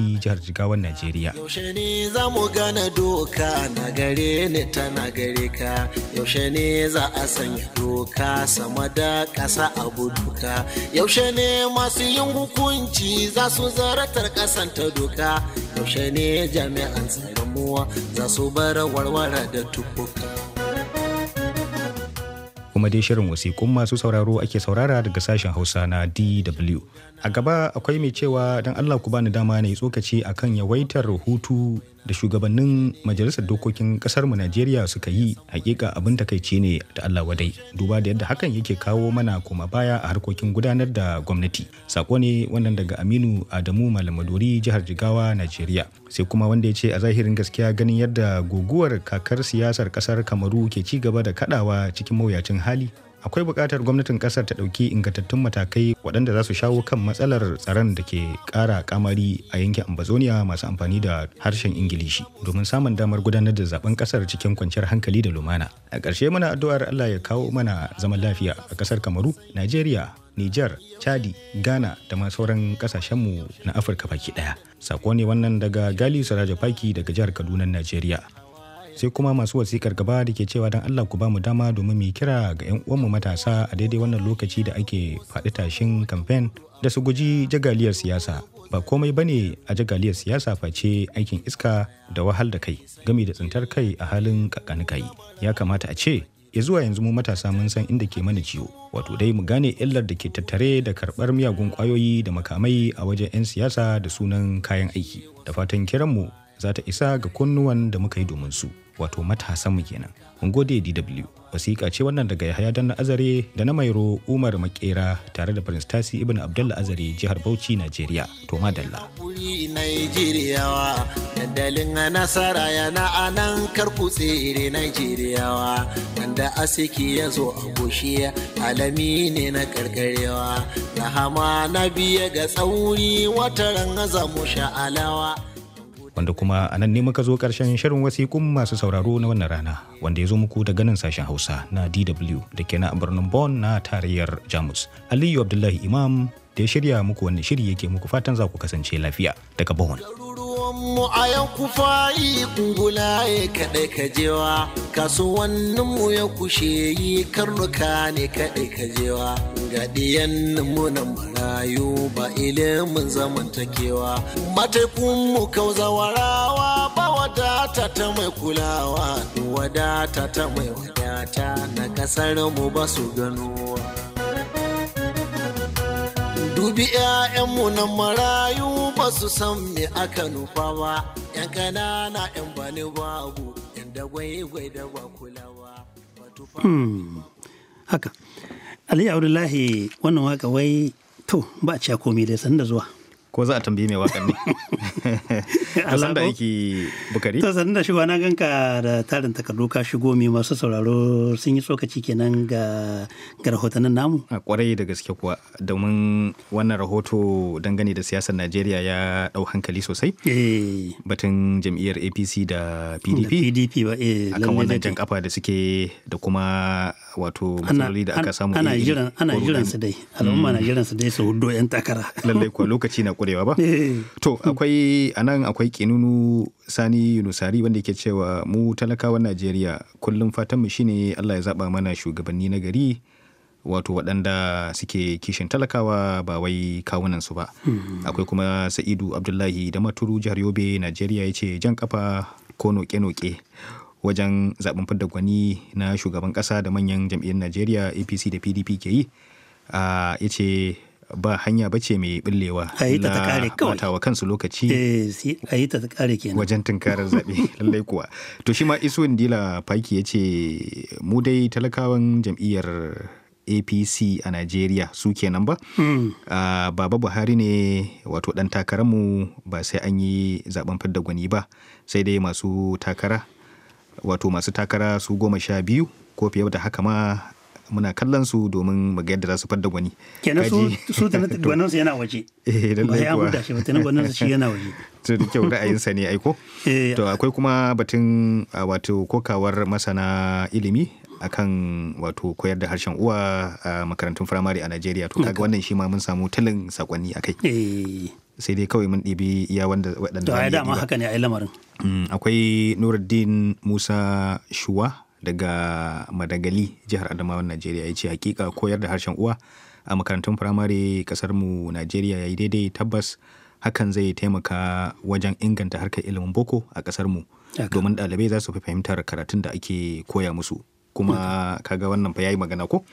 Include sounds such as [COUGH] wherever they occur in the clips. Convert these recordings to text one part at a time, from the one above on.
Bauchi jihar Jigawan Najeriya. Yaushe ne za mu gane doka na gare ta na gare ka yaushe ne za a sanya doka sama da ƙasa a duka yaushe ne masu yin hukunci za su zaratar ƙasan ta doka yaushe ne jami'an tsaron muwa za su bar warware da tukuka. kuma dai shirin wasiƙun masu sauraro ake saurara daga sashen Hausa na DW. A gaba akwai mai cewa don Allah ku bani dama na yi tsokaci akan yawaitar hutu da shugabannin majalisar dokokin mu najeriya suka yi hakika abin takaici ne da allah wadai duba da yadda hakan yake kawo mana koma baya a harkokin gudanar da gwamnati sako ne wannan daga aminu adamu malamadori jihar jigawa najeriya sai kuma wanda ya ce a zahirin gaskiya ganin yadda guguwar kakar siyasar kasar kamaru ke ci gaba da kadawa cikin mawuyacin hali akwai buƙatar gwamnatin ƙasar ta ɗauki ingantattun matakai waɗanda za su shawo kan matsalar tsaron da ke ƙara kamari a yankin ambazonia masu amfani da harshen ingilishi domin samun damar gudanar da zaben ƙasar cikin kwanciyar hankali da lumana a ƙarshe muna addu'ar allah ya kawo mana zaman lafiya a ƙasar kamaru najeriya Nijar, Chadi, Ghana da ma sauran ƙasashenmu na Afirka baki ɗaya. Sako ne wannan daga Gali Saraja Faki daga jihar Kaduna, Najeriya. sai kuma masu wasikar gaba da ke cewa don allah ku ba mu dama domin mu kira ga 'yan uwanmu matasa a daidai wannan lokaci da ake faɗi tashin kamfen da su guji jagaliyar siyasa ba komai bane a jagaliyar siyasa face aikin iska da wahal da kai gami da tsintar kai a halin kai ya kamata a ce ya zuwa yanzu mu matasa mun san inda ke mana ciwo wato dai mu gane illar da ke tattare da karbar miyagun kwayoyi da makamai a wajen 'yan siyasa da sunan kayan aiki da fatan kiranmu za ta isa ga kunnuwan da muka yi domin su wato matasan kenan mun gode DW wasiƙa ce wannan daga Yahaya Danna Azare da na Mairo Umar Makera tare da Prince Tasi Ibn Abdullah Azare jihar Bauchi Najeriya to madalla Najeriyawa dandalin nasara yana anan karkutse tsere Najeriyawa wanda asiki ya zo a goshiya alami ne na karkarewa rahama na biya ga tsauri wata za mu sha'alawa wanda kuma a nan ne muka zo karshen shirin wasiƙun masu sauraro na wannan rana wanda ya zo muku da ganin sashen hausa na dw da ke na birnin Bon na tarayyar jamus aliyu abdullahi imam da ya shirya muku wannan shiri yake muku fatan za ku kasance lafiya daga Bon. mu a 'yan ku fa'i kungula ya kaɗai kajewa kasuwanninmu ya kushe yi karnuka ne kaɗai kajewa gadiyan munan marayu ba ilimin zamantakewa mataikun mu kauzawarawa ba wadata ta mai kulawa wadata ta mai wadata na kasar mu ba su ganowa dubi 'ya'yanmu na marayu ba su san me aka nufa ba 'yan ƙanana 'yan bani babu 'yan da gwai da ba kulawa hmm, haka Ali Abdullahi wannan waka wai to ba a ci komai dai sanda da zuwa. Ko za a tambayi mai wakan ne? [LAUGHS] Ta sanda aiki bukari? Ta sanda da shigo na ganka da tarin takardu ka shigo mai masu sauraro sun yi tsokaci kenan ga ga rahotannin namu. A kwarai da gaske kuwa domin wannan rahoto dangane da siyasar Najeriya ya dau hankali sosai. Eh. Batun jam'iyyar APC da PDP. Da PDP ba eh. Akan wannan jan kafa da suke da kuma wato matsaloli da aka samu ana jiran ana jiran su dai al'umma na hmm. jiran su dai su huddo yan takara [LAUGHS] lalle kuwa lokaci na kurewa ba eh. to akwai anan akwai kinunu sani yunusari wanda yake cewa mu talakawan najeriya kullum fatan mu shine allah ya zaba mana shugabanni na gari wato waɗanda suke kishin talakawa ba wai kawunan su ba hmm. akwai kuma sa'idu abdullahi da maturu jihar yobe najeriya ya ce jan kafa ko noke-noke wajen zaben fidda gwani na shugaban ƙasa da manyan jam'iyyar najeriya apc da pdp ke yi ya ce ba hanya ba mai billewa a ta kansu lokaci eh, wajen tunkarar zaɓe [LAUGHS] lallai kuwa to shi ma isu dila faki ya ce mu dai talakawan jam'iyyar apc a najeriya su kenan ba hmm. baba buhari ne wato ɗan takararmu ba sai an yi zaben fidda gwani ba sai dai masu takara wato masu takara su goma sha biyu ko fiye da haka ma muna kallon su domin mu ga yadda za su fadda gwani. Kenan su su [LAUGHS] gwanin su yana waje. Eh dan da kuwa. Ba shi ba gwanin su shi yana waje. [LAUGHS] To da kyau ra'ayin sa ne aiko. Eh. To akwai kuma batun wato kokawar masana ilimi akan wato koyar da harshen uwa a makarantun firamare a Najeriya to kaga wannan shi ma mun samu talin sakonni akai. Eh sai dai kawai mun ɗibi iya wanda waɗanda to dama haka ne a lamarin mm, akwai Nuruddin Musa Shuwa daga Madagali jihar Adamawa Najeriya ya ce hakika koyar da harshen uwa a makarantun firamare kasar mu Najeriya yi daidai tabbas hakan zai taimaka wajen inganta harkar ilimin boko a kasar mu domin ɗalibai za su fi fahimtar karatun da ake koya musu kuma kaga wannan fa yayi magana ko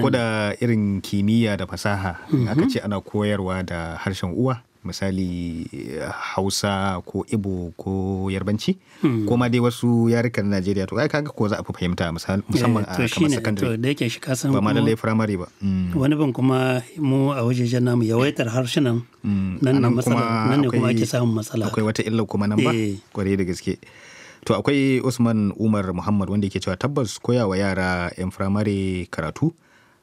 ko da irin kimiyya da fasaha aka mhm. ce ana koyarwa da harshen uwa misali hausa ko ibo ko yarbanci hmm. ko ma dai wasu yarukan najeriya to kaga ko za a fi fahimta eh, musamman a kamar secondary to da yake shi ba ma lallai primary ba hmm. wani ban kuma mu a wajejen namu yawaitar harshenan hmm. nan ne kuma ake samun matsala akwai wata illa kuma nan ba eh. kware da gaske to akwai usman umar muhammad wanda yake cewa tabbas koyawa yara 'yan firamare karatu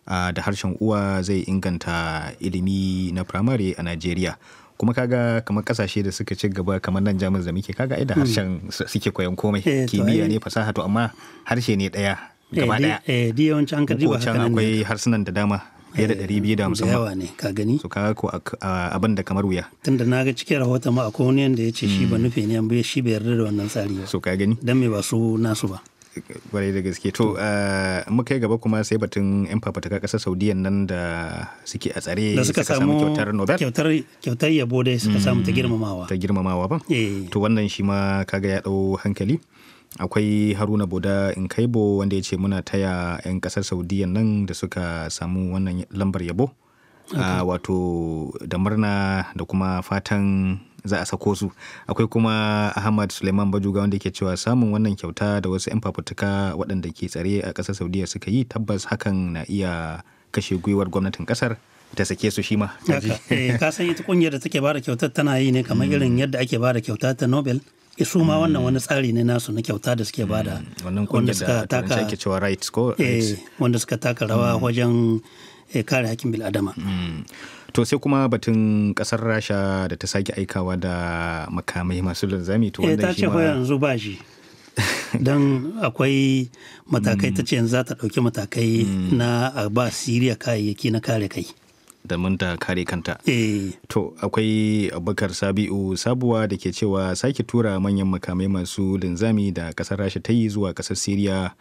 uh, da harshen uwa zai inganta ilimi na firamare a najeriya kuma kaga kamar kasashe da suka ci gaba kamar nan jamus da muke kaga da harshen hmm. suke koyan komai eh, kimiyya ne fasaha to amma harshe ne daya eh, gaba daya eh di an ka diba akwai harsunan da dama fiye da hamsin yawa ne ka gani su kaga ko abin da kamar wuya tunda na ga cikin rahoton ma akwai wani yanda ya ce shi ba hmm. nufi ne biya shi bai yarda da wannan tsari ba so ka gani dan me ba su nasu ba kwarai da gaske to eh, mu kai gaba kuma sai batun yan fafataka ƙasar saudiya nan da suke a tsare da suka samu kyautar nobel kyautar yabo dai suka samu ta hmm. girmamawa ta girmamawa ba eh. to wannan shi ma kaga ya ɗau hankali akwai haruna boda in kaibo wanda ya ce muna taya 'yan kasar saudiya nan da suka samu wannan lambar yabo okay. uh, wato da murna da kuma fatan za a sako su akwai kuma ahmad suleiman bajuga wanda ke cewa samun wannan kyauta da wasu 'yan fafutuka waɗanda ke tsare a ƙasar saudiya suka yi tabbas hakan na iya kashe gwiwar gwamnatin ƙasar ta sake su shi ma. Eh, ka san ita kungiyar da take bada kyautar tana yi ne kamar mm. irin yadda ake ba da kyauta ta Nobel Eh, su ma wannan wani tsari ne nasu na kyauta da suke bada mm, eh, wanda suka taka rawa mm. wajen eh, kare hakkin bil'adama mm. to sai kuma batun kasar rasha da ta sake aikawa da makamai masu lanzami to wanda shi yanzu ba shi [LAUGHS] don akwai matakai ta ce yanzu za ta ɗauki matakai na ba siriya kayayyaki na kare kai domin ta kare kanta. Eh. To akwai Abubakar Sabi'u Sabuwa da ke cewa sake tura manyan makamai masu linzami da kasar Rasha ta yi zuwa kasar Siriya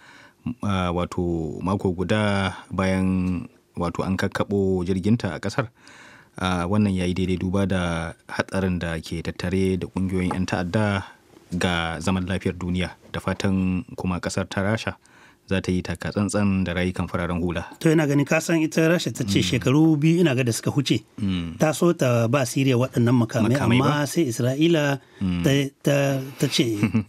wato mako guda bayan wato an kakkaɓo jirginta a kasar. wannan ya yi daidai duba da hatsarin da ke tattare da ƙungiyoyin 'yan ta'adda ga zaman lafiyar duniya da fatan kuma kasar ta rasha za ta yi taka tsantsan da rayukan fararen hula. To yana gani ka san ita Rasha ta ce mm. shekaru biyu ina ga da suka huce. Mm. Ta so ta ba Siriya waɗannan makamai amma sai Isra'ila mm. ta ce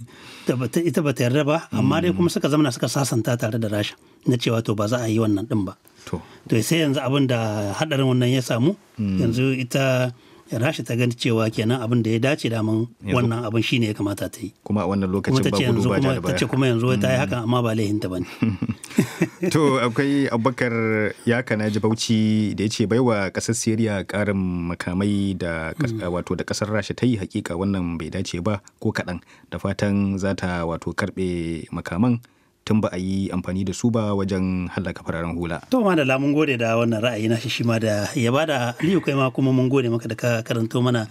[LAUGHS] ita ba ta yarda ba amma dai kuma suka zamana suka sasanta tare da Rasha na cewa to ba za a yi wannan ɗin ba. To sai yanzu abin da haɗarin wannan ya samu yanzu ita rashi ta gani cewa kenan abin da ya dace da mun wannan abin shine ya kamata ta yi kuma a wannan lokacin ba gudu ba da ta ce kuma yanzu ta yi mm. hakan amma ba laihin ta bane [LAUGHS] to akwai abubakar ya kana ji bauchi da ya ce baiwa kasar siriya karin makamai da mm. wato da kasar rasha ta yi hakika wannan bai dace ba ko kaɗan da fatan za ta wato karbe makaman tun ba a yi amfani da su ba wajen hallaka fararen hula. To ma da la mun gode da wannan ra'ayi na shi ma da ya bada Aliyu kai ma kuma mun gode maka da ka karanto mana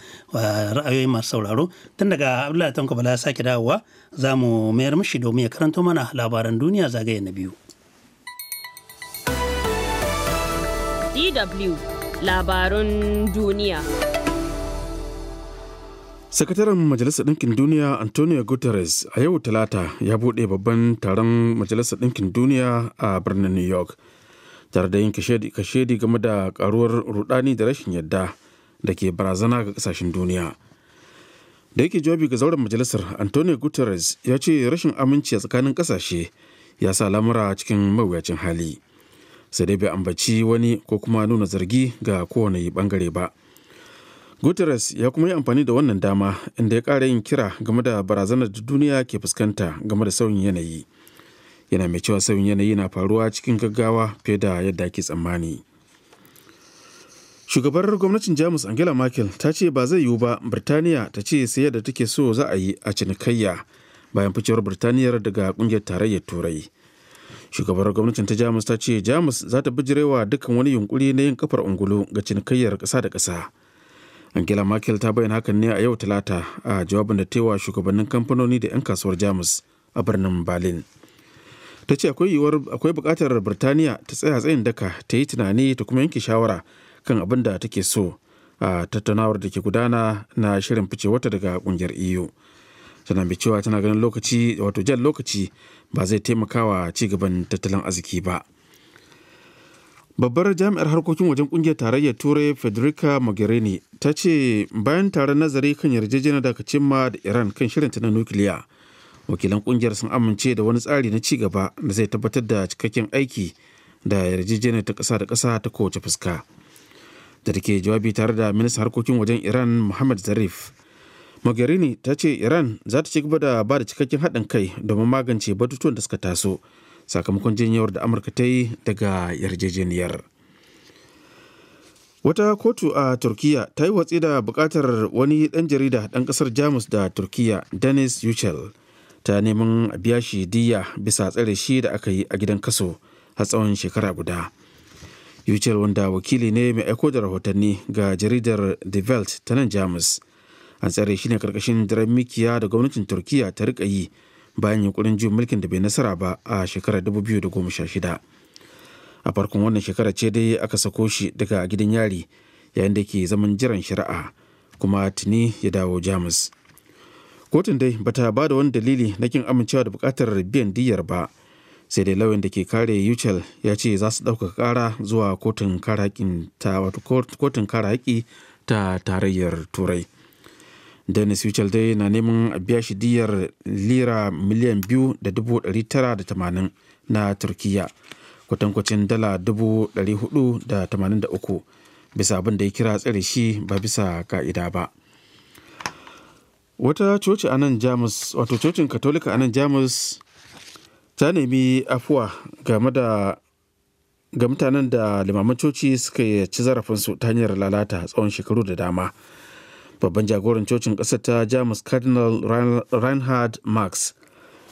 ra'ayoyin masu sauraro tun daga Abdullahi Tanko Bala sake dawowa za mu mayar mishi domin ya karanto mana labaran duniya zagaye na biyu. DW labarun duniya. sakataren majalisar ɗinkin duniya antonio guterres a yau talata ya buɗe babban taron majalisar ɗinkin duniya a birnin new york tare da yin kashedi game da karuwar rudani da rashin yadda da ke barazana ga ƙasashen duniya da yake jawabi ga zauren majalisar antonio guterres ya ce rashin aminci a tsakanin ƙasashe ya sa lamura cikin mawuyacin hali sai dai bai ambaci wani ko kuma nuna zargi ga kowane bangare ba. guterres ya kuma yi amfani da wannan dama inda ya kara yin kira game da barazanar da duniya ke fuskanta game da sauyin yanayi yana mai cewa sauyin yanayi na faruwa cikin gaggawa fiye da yadda ake tsammani shugabar gwamnatin jamus angela merkel ta ce ba zai yiwu ba birtaniya ta ce sai yadda take so za a yi a cinikayya bayan ficewar birtaniyar daga kungiyar tarayyar turai shugabar gwamnatin ta jamus ta ce jamus za ta bijirewa dukkan wani yunkuri na yin kafar ungulu ga cinikayyar ƙasa da ƙasa angela merkel ta bayyana hakan ne a yau talata a jawabin da tewa shugabannin kamfanoni da 'yan kasuwar jamus a birnin berlin ta ce akwai bukatar birtaniya ta tsaya tsayin daka ta yi tunani ta kuma yanke shawara kan abin da take so a tattaunawar da ke gudana na shirin fice wata daga kungiyar eu tana mai cewa tana ganin lokaci wato jan lokaci ba zai taimakawa ci gaban tattalin arziki ba babbar jami'ar harkokin wajen kungiyar tarayyar turai federica mogherini ta ce bayan taron nazari kan yarjejeniyar da aka cimma da iran kan shirinta na nukiliya wakilan kungiyar sun amince da wani tsari na gaba da zai tabbatar da cikakken aiki da yarjejeniyar ta kasa da kasa ta kowace fuska da take jawabi tare da ministan harkokin wajen iran muhammad zarif mogherini ta ce iran za ta ci gaba da ba da cikakken haɗin kai domin magance batutuwan da suka taso sakamakon janyewar da amurka ta yi daga yarjejeniyar wata kotu a turkiya ta yi watsi da bukatar wani dan jarida dan kasar jamus da turkiya dennis yuchel ta neman a biya shi diya bisa tsare shi da aka yi a gidan kaso har tsawon shekara guda yuchel wanda wakili ne mai aiko da rahotanni ga jaridar the welt ta nan jamus an tsare shi ne karkashin mikiya da gwamnatin turkiya ta rika yi bayan yunkurin juyin mulkin da bai nasara ba a shekarar 2016 a farkon wannan shekarar ce dai aka sako shi daga gidan yari yayin da ke zaman jiran shari'a kuma tuni ya dawo jamus kotun dai bata ba da wani dalili na kin amincewa da bukatar biyan diyyar ba sai dai lauyan da ke kare yuchel ya ce za su ɗaukaka kara zuwa kotun kara haƙi ta tarayyar turai dennis wichel dai na neman a biya shi diyar lira miliyan biyu da dubu ɗari tara da tamanin na turkiya kwatankwacin dala dubu ɗari hudu da tamanin da uku bisa abin da ya kira tsare shi ba bisa ka'ida ba wata coci a nan jamus wato cocin katolika a nan jamus ta nemi afuwa game da ga mutanen da limaman coci suka ci zarafinsu ta hanyar lalata tsawon shekaru da dama babban jagoran cocin ƙasar ta jamus cardinal reinhard marx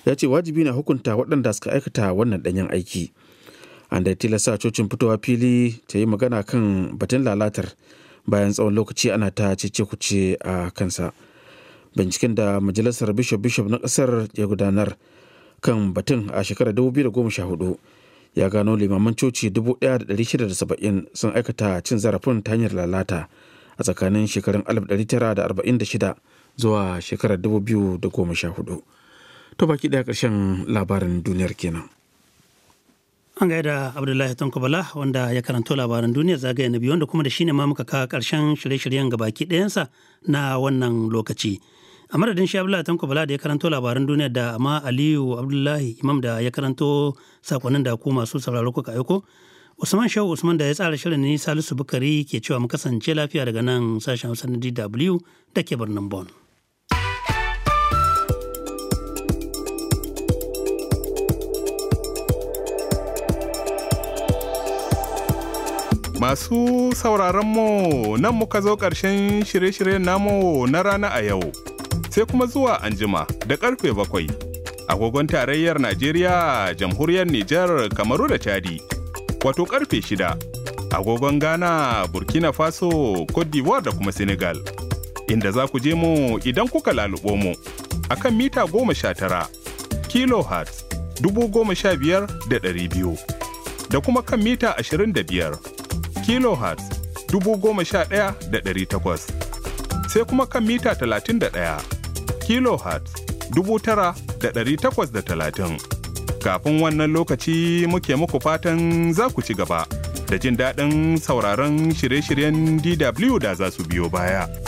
ya ce wajibi na hukunta waɗanda suka aikata wannan ɗanyen aiki an da tilasta cocin fitowa fili ta yi magana kan batun lalatar bayan tsawon lokaci ana ta cece kuce a kansa binciken da majalisar bishop bishop na ƙasar ya gudanar kan batun a shekarar 2014 ya gano limaman coci 1670 sun aikata cin zarafin ta hanyar lalata a tsakanin shekarun 1946 zuwa shekarar 2014 to baki daya karshen labarin duniyar kenan an gaida abdullahi tankobala wanda ya karanto labaran duniya zagaye na biyu wanda kuma da shine ma muka kawo karshen shirye-shiryen gabaki ɗayansa na wannan lokaci a madadin shi abdullahi bala da ya karanto labaran duniya da amma aliyu abdullahi imam da ya karanto sakonnin da ku masu sauraro kuka aiko Usman Shehu Usman da ya tsara shirin ne Salisu Bukari ke cewa mu kasance lafiya daga nan sashen Hausa na DW da ke birnin Bon. Masu sauraron mu nan muka zo ƙarshen shirye-shiryen namu na rana a yau, sai kuma zuwa anjima da karfe bakwai. Agogon tarayyar Najeriya, jamhuriyar Nijar, Kamaru da Chadi. wato karfe shida agogon ghana burkina faso cote d'ivoire da kuma senegal inda za ku je mu idan kuka lalubo mu a kan mita goma sha tara kilohertz dubu goma sha biyar da ɗari biyu da kuma kan mita ashirin da biyar kilohertz dubu goma sha ɗaya da ɗari takwas sai kuma kan mita talatin da ɗaya kilohertz dubu tara da ɗari takwas da talatin Kafin wannan lokaci muke muku fatan za ku ci gaba da jin daɗin sauraron shirye-shiryen DW da za su biyo baya.